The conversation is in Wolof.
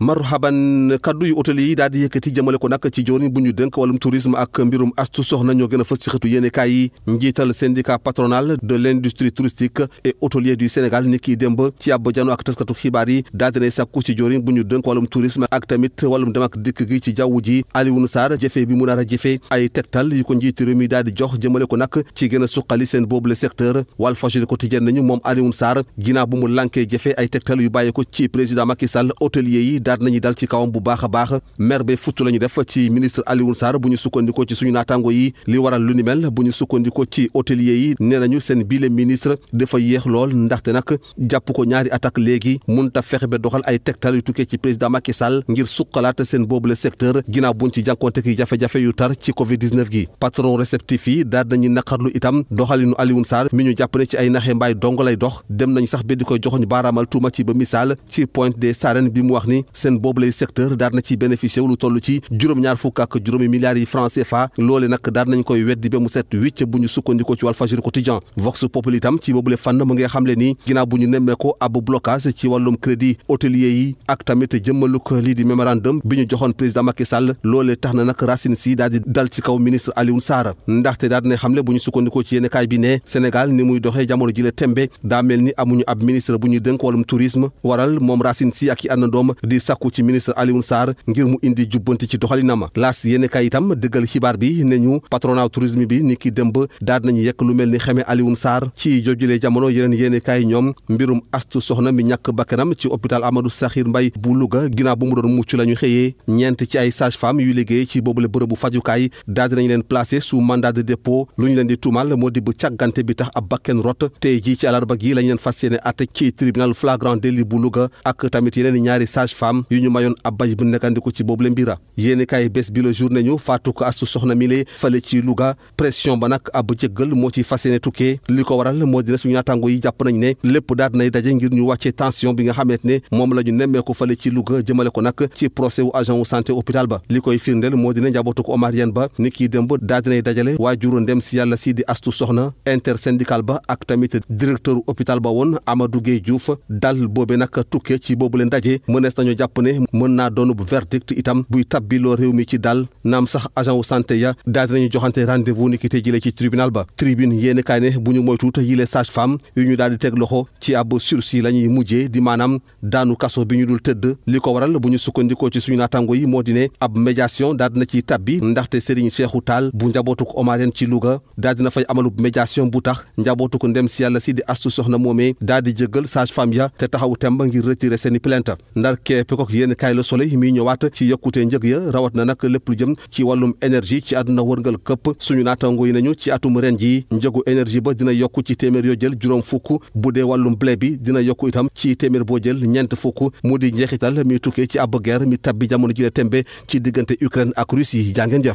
mar marhaban kaddu yu hôtel yi daal di yëkkati jëmale ko nag ci joriñ bu ñu dënk wàllum tourisme ak mbirum astu soxna ñoo gën a fës ci xëtu yéenekaay yi njiital syndicat patronal de l'industrie touristique et hôtelier du Sénégal ni kiy démb ci ab jano ak taskatu xibaar yi daal dinay sàkku ci joriñ bu ñu dënk wàllum ak tamit wàllum ak dikk ci jaww ji Alioune Sarr jëfe bi mu nar a jëfe ay tegtal yu ko njiitu réew daal di jox jëmale ko nag ci gën a suqali seen boobu le secteur Walf Fadjri quotidien nañu moom Alioune Sarr ginnaaw bu mu lànkee jëfe ay tegtal yu bàyyi ko ci président Macky Sall hôtelier yi daat nañu dal ci kawam bu baax a baax mer be futtu la ñu def ci ministre Alioune Sarr bu ñu sukkandikoo ci suñu naataango yi li waral lu ni mel bu ñu sukkandikoo ci hôtelier yi nee nañu seen bile ministre dafa yéex lool ndaxte nag jàpp ko ñaari attaque léegi mun munta fexe ba doxal ay tegtal yu tukkee ci président Macky Sall ngir suqalaat seen boobule secteur ginnaaw buñ ci jànkoonte ki jafe-jafe yu tar ci covid 19 gi patron réceptif yi daal nañu naqarlu itam doxalinu Alioune ñu jàpp ci ay naxe mbaay dong lay dox dem nañ sax ba di koy joxoñ baaraamal ci ba misaal ci Pointe des Sarènes bi mu wax ni seen boobu lay secteur daar na ci bénéficié wu lu toll ci juróom-ñaar fukk ak juróomi milliards yi francs CFA loole nag daar nañ koy weddi ba mu set wicc bu ñu sukkandikoo ci Walfadjri quotidien Vox Populi itam bu ñu ak tamit jëmmaluk lii di mémorandum bi président Macky Sall tax na nag racine si daal dal ci kaw ministre Alioune Sarr ndaxte daal xamle bu sukkandikoo ci yéen kaay bi ni muy doxee jamono jile tembe daa mel ni amuñu ab ministre bu sàkku ci ministre Alioune Sarr ngir mu indi jubbanti ci doxalinam laas yéeni kay itam dëggal xibaar bi ne ñu patronat tourisme bi ni ki démb daal nañu yekk lu mel ni xeme Alioune Sarr ci jojulee jamono yeneen yéeni kay ñoom mbirum astu soxna mi ñàkk bakkanam ci hôpital Amadou Sakhir Mbaye bu Louga ginnaaw bu mu doon mucc la ñu xëyee ñeent ci ay sage femme yuy liggéey ci boobule bërëbu fajukaay daal dinañ leen placé sous mandat de dépôt lu ñu leen di tuumal moo di bu càggante bi tax ab bakken rot tey jii ci àllarba gi lañ leen fas yéene àtte ci tribunal flagrant délit bu Louga ak tamit yeneen ñaari sage femme am yu ñu mayoon Abbas bu nekkandiku ci boobu la mbira yéeni kaay bés bi la jour nañu faatu ko astu soxna mile fale ci Louga pression ba nag ab jëggal moo ci fas yéene tukkee waral moo dina suñu naataango jàpp nañ ne lépp daal daje ngir ñu wàccee tension bi nga xamante ne moom la ñu nemmeeku fale ci Louga jëmale ko nag ci procès wu agent wu ba li koy firndeel moo dina njabootu ko Omar Yane ba ni kii démb daal dinay dajale waajuru ndem jàpp ne mën naa doon bu verdict itam buy tabbiloo réew mi ci daal naam sax agent wu santé ya daal dinañu joxante rendez-vous ni ki tey jëlee ci tribunal ba tribune yéen kaay bu ñu moytuwut yile sage femme yu ñu daal di teg loxo ci ab sursis la ñuy mujjee di maanaam daanu kaso bi ñu dul tëdd li ko waral bu ñu sukkandikoo ci suñu naatango yi moo di ne ab médiation daal dina ciy tabbi ndaxte Serigne Cheikhou Tall bu njabootuk Omaren ci Louga daal dina fay amalub médiation bu tax njabootuk ndem si yàlla si di astu soxna moomee daal di jëggal sage femme ya te taxaw temb ngir retirer seeni plainte ndar kepp ànd ko yéen kaay Le Soleil mi ñëwaat ci yokkute njëg ya rawat na nag lépp lu jëm ci wàllum énergie ci àdduna wërngal këpp suñu naataango yi nañu ci atum ren ji njëgu énergie ba dina yokku ci téeméer yoo juróom fukk bu dee wàllum bi dina yokku itam ci téeméer boo jël ñeent fukk mu di njeexital mi tukkee ci ab guerre mi tabbi jamono ji la tembe ci diggante Ukraine ak Russie jàngeen jëf